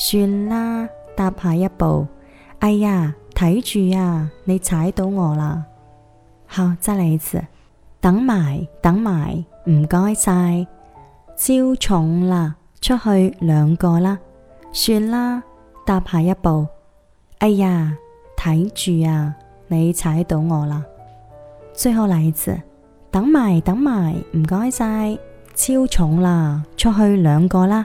算啦，搭下一部。哎呀，睇住啊，你踩到我啦。好，再來一次。等埋，等埋，唔該晒。超重啦，出去兩個啦。算啦，搭下一部。哎呀，睇住啊，你踩到我啦。最後來一次。等埋，等埋，唔該晒。超重啦，出去兩個啦。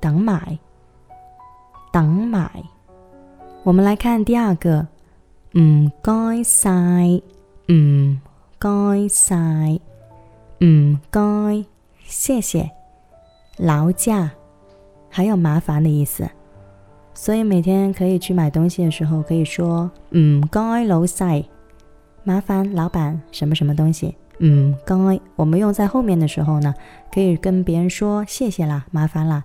等埋，等埋。我們來看第二個，唔該晒，唔該晒，唔該，謝謝，勞駕，還有麻煩的意思。所以每天可以去買東西的時候，可以說唔該、嗯、勞晒，麻煩老闆什麼什麼東西。唔該，我們用在後面的時候呢，可以跟別人說謝謝啦，麻煩啦。